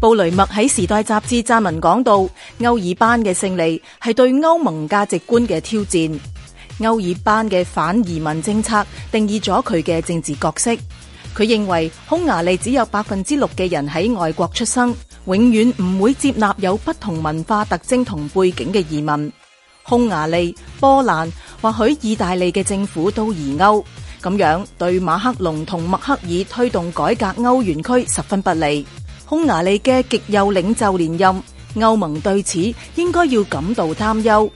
布雷默喺《時代》雜誌撰文講到，歐爾班嘅勝利係對歐盟價值觀嘅挑戰。歐爾班嘅反移民政策定義咗佢嘅政治角色。佢認為匈牙利只有百分之六嘅人喺外國出生，永遠唔會接納有不同文化特徵同背景嘅移民。匈牙利、波蘭或許意大利嘅政府都疑歐，咁樣對馬克龍同默克爾推動改革歐元區十分不利。匈牙利嘅極右領袖連任，歐盟對此應該要感到擔憂。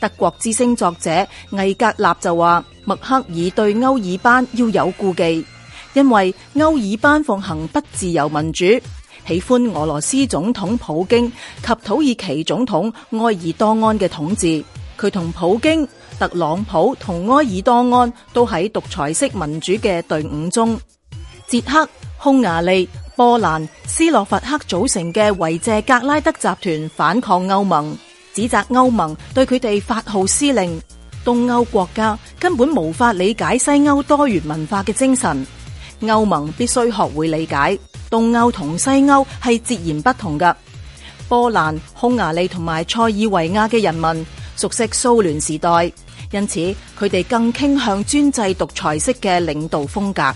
德國之聲作者魏格納就話，默克爾對歐爾班要有顧忌，因為歐爾班奉行不自由民主，喜歡俄羅斯總統普京及土耳其總統埃爾多安嘅統治。佢同普京、特朗普同埃爾多安都喺獨裁式民主嘅隊伍中。捷克、匈牙利、波蘭、斯洛伐克組成嘅維謝格拉德集團反抗歐盟，指責歐盟對佢哋發號施令。東歐國家根本無法理解西歐多元文化嘅精神，歐盟必須學會理解，東歐同西歐係截然不同㗎。波蘭、匈牙利同埋塞爾維亞嘅人民熟悉蘇聯時代，因此佢哋更傾向專制獨裁式嘅領導風格。